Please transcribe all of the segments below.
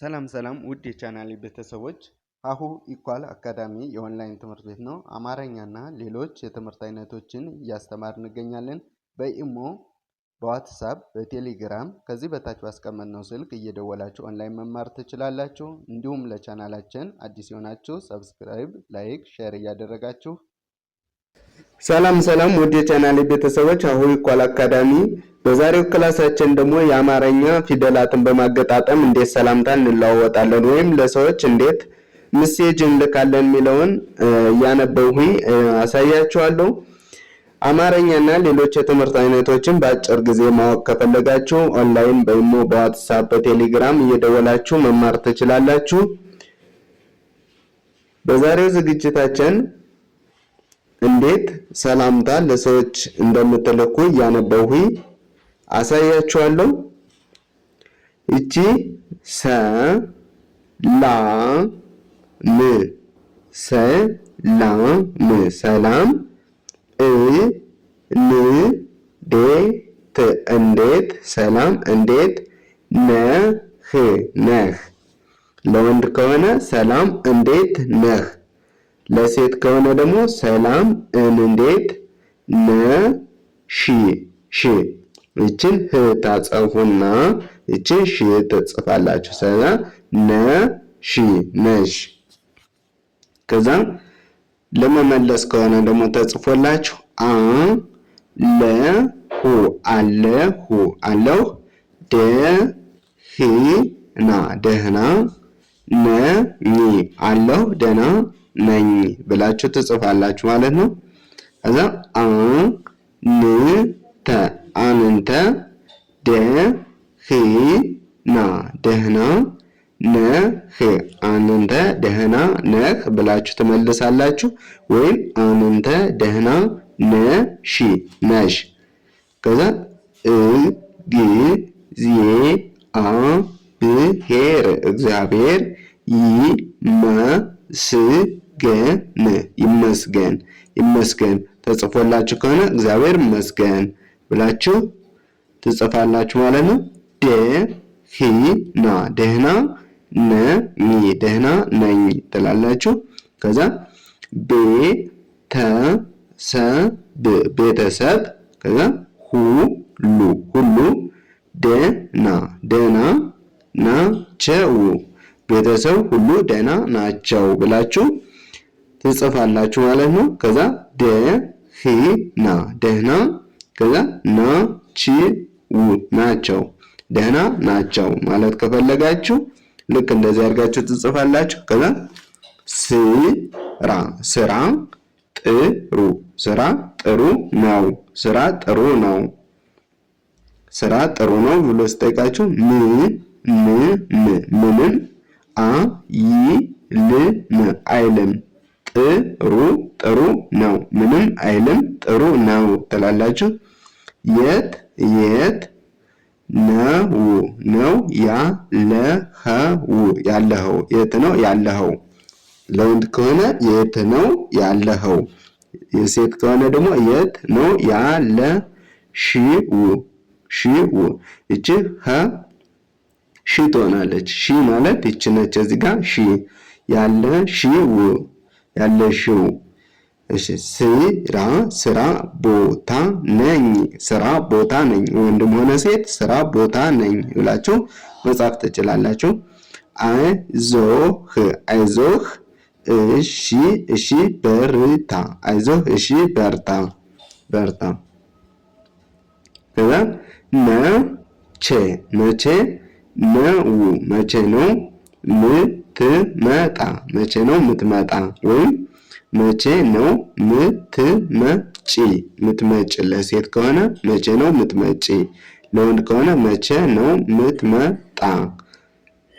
ሰላም ሰላም ውድ የቻናሌ ቤተሰቦች ሀሁ ኢኳል አካዳሚ የኦንላይን ትምህርት ቤት ነው። አማረኛና ሌሎች የትምህርት አይነቶችን እያስተማር እንገኛለን። በኢሞ፣ በዋትሳፕ፣ በቴሌግራም ከዚህ በታች ባስቀመጥነው ስልክ እየደወላችሁ ኦንላይን መማር ትችላላችሁ። እንዲሁም ለቻናላችን አዲስ የሆናችሁ ሰብስክራይብ፣ ላይክ፣ ሼር እያደረጋችሁ ሰላም ሰላም ውድ የቻናሌ ቤተሰቦች አሁን ይኳል አካዳሚ በዛሬው ክላሳችን ደግሞ የአማርኛ ፊደላትን በማገጣጠም እንዴት ሰላምታ እንለዋወጣለን ወይም ለሰዎች እንዴት ምሴጅ እንልካለን የሚለውን እያነበብሁኝ አሳያችኋለሁ። አማርኛና ሌሎች የትምህርት አይነቶችን በአጭር ጊዜ ማወቅ ከፈለጋችሁ ኦንላይን በኢሞ፣ በዋትሳፕ፣ በቴሌግራም እየደወላችሁ መማር ትችላላችሁ። በዛሬው ዝግጅታችን እንዴት ሰላምታ ለሰዎች እንደምትልኩ እያነበብኩኝ አሳያችኋለሁ። እቺ ሰ ላ ም ሰላም ሰላም እ ን ዴ ት እንዴት ሰላም እንዴት ነህ ነህ ለወንድ ከሆነ ሰላም እንዴት ነህ ለሴት ከሆነ ደግሞ ሰላም እንዴት ሺ ሺ እችን ህ ታጸፉና እችን ሽ ትጽፋላችሁ። ሰላም ሺ ነሽ። ከዛ ለመመለስ ከሆነ ደግሞ ተጽፎላችሁ አ ለ ሁ ለሁ አለሁ ና ደህና ነ ኒ አለሁ ደና ነኝ ብላችሁ ትጽፋላችሁ ማለት ነው። ከዛ አ ን ተ አንንተ ደ ህ ና ደህና ነህ አንንተ ደህና ነህ ብላችሁ ትመልሳላችሁ። ወይም አንንተ ደህና ነሽ ነሽ። ከዛ እ ግ ዜ አ ብሔር እግዚአብሔር ይመስገን ግን ይመስገን ይመስገን ተጽፎላችሁ ከሆነ እግዚአብሔር ይመስገን ብላችሁ ትጽፋላችሁ ማለት ነው። ደህና ደህና ነኝ ደህና ነኝ ትላላችሁ። ከዛ ቤተሰብ ቤተሰብ ከዛ ሁሉ ሁሉ ደህና ደህና ናቸው ቤተሰብ ሁሉ ደህና ናቸው ብላችሁ ትጽፋላችሁ ማለት ነው። ከዛ ደ ሂ ና ደህና ከዛ ና ቺ ው ናቸው ደህና ናቸው ማለት ከፈለጋችሁ ልክ እንደዚህ አድርጋችሁ ትጽፋላችሁ። ከዛ ስራ ስራ ጥሩ ስራ ጥሩ ነው ስራ ጥሩ ነው ስራ ጥሩ ነው ብሎ ስጠይቃችሁ ም ም ም ምንም አይልም አይልም ጥሩ ጥሩ ነው። ምንም አይልም ጥሩ ነው ትላላችሁ። የት የት ነው ነው ያለኸው ያለኸው የት ነው ያለኸው። ለወንድ ከሆነ የት ነው ያለኸው። የሴት ከሆነ ደግሞ የት ነው ያለ ሺው ሺው። እቺ ሀ ሺ ትሆናለች። ሺ ማለት ይች ነች። እዚህ ጋር ሺ ያለ ሺው ያለሽው? እሺ ስራ ስራ ቦታ ነኝ። ስራ ቦታ ነኝ። ወንድም ሆነ ሴት ስራ ቦታ ነኝ ብላችሁ መጻፍ ትችላላችሁ። አይዞህ አይዞህ፣ እሺ እሺ፣ በርታ። አይዞህ እሺ፣ በርታ በርታ። ከዛ መቼ መቼ ነው መቼ ነው ትመጣ መቼ ነው ምትመጣ ወይም መቼ ነው ምትመጪ? ምትመጪ ለሴት ከሆነ መቼ ነው ምትመጪ? ለወንድ ከሆነ መቼ ነው ምትመጣ?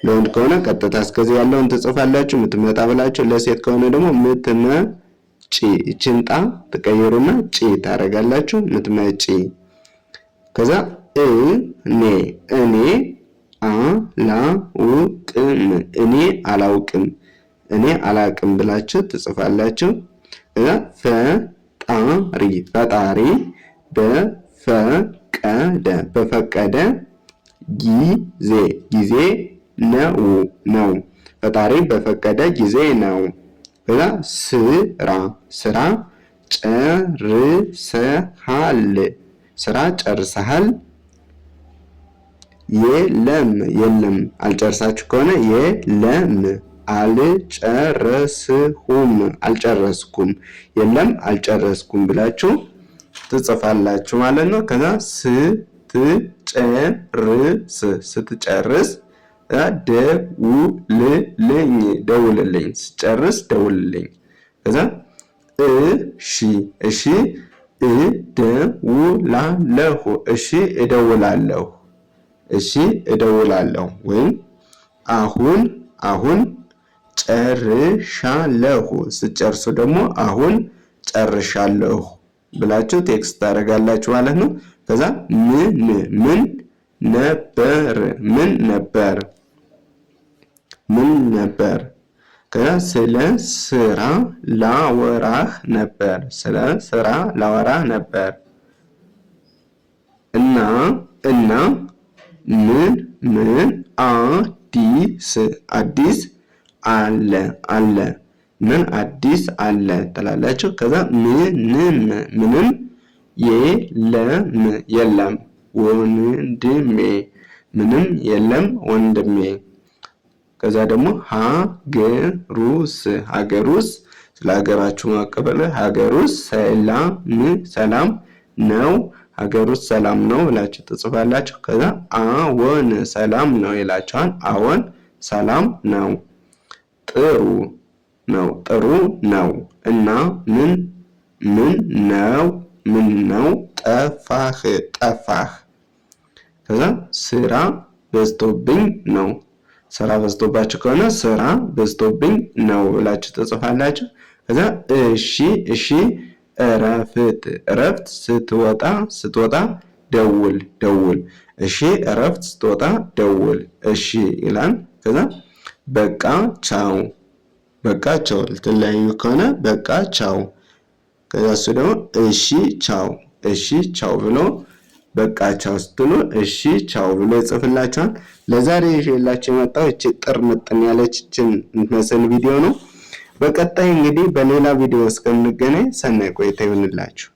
ለወንድ ከሆነ ቀጥታ እስከዚህ ያለውን ትጽፋላችሁ ምትመጣ ብላችሁ። ለሴት ከሆነ ደግሞ ምትመጪ ይችን ጣ ትቀይሩና ጪ ታደርጋላችሁ። ምትመጪ ከዛ እኔ እኔ አላውቅም እኔ አላውቅም እኔ አላውቅም ብላችሁ ትጽፋላችሁ። ፈጣሪ ፈጣሪ በፈቀደ በፈቀደ ጊዜ ጊዜ ነው ነው ፈጣሪ በፈቀደ ጊዜ ነው። ከዛ ስራ ስራ ጨርሰሃል ስራ ጨርሰሃል የለም የለም። አልጨርሳችሁ ከሆነ የለም አልጨረስሁም አልጨረስኩም የለም አልጨረስኩም ብላችሁ ትጽፋላችሁ ማለት ነው። ከዛ ስትጨርስ ስትጨርስ ደውልልኝ ደውልልኝ ስጨርስ ደውልልኝ። ከዛ እሺ እሺ እደውላለሁ እሺ እደውላለሁ እሺ እደውላለሁ ወይም አሁን አሁን ጨርሻለሁ። ስጨርሱ ደግሞ አሁን ጨርሻለሁ ብላችሁ ቴክስት ታደርጋላችሁ ማለት ነው። ከዛ ምን ምን ነበር ምን ነበር ምን ነበር። ከዛ ስለ ስራ ላወራህ ነበር ስለ ስራ ላወራህ ነበር እና እና ምን ምን አዲስ አዲስ አለ አለ ምን አዲስ አለ ትላላችሁ። ከዛ ምንም ምንም የለም የለም ወንድሜ ምንም የለም ወንድሜ። ከዛ ደግሞ ሀገሩስ ሀገሩስ ስለ ሀገራችሁ ማቀበል ሀገሩስ ሰላም ሰላም ነው ሀገር ውስጥ ሰላም ነው ብላችሁ ትጽፋላችሁ። ከዛ አዎን ሰላም ነው ይላችኋል። አዎን ሰላም ነው፣ ጥሩ ነው፣ ጥሩ ነው። እና ምን ምን ነው ምን ነው ጠፋህ ጠፋህ። ከዛ ስራ በዝቶብኝ ነው። ስራ በዝቶባችሁ ከሆነ ስራ በዝቶብኝ ነው ብላችሁ ትጽፋላችሁ። ከዛ እሺ እሺ እረፍት እረፍት ስትወጣ ስትወጣ ደውል ደውል። እሺ እረፍት ስትወጣ ደውል። እሺ ይላል። ከዛ በቃ ቻው በቃ ቻው። ልትለያዩ ከሆነ በቃ ቻው። ከዛ እሱ ደግሞ እሺ ቻው እሺ ቻው ብሎ በቃ ቻው ስትሉ እሺ ቻው ብሎ ይጽፍላችኋል። ለዛሬ ይዤላችሁ የመጣው እቺ ጥር ምጥን ያለችን መሰል ቪዲዮ ነው። በቀጣይ እንግዲህ በሌላ ቪዲዮ እስከምንገናኝ ሰናይ ቆይታ ይሆንላችሁ።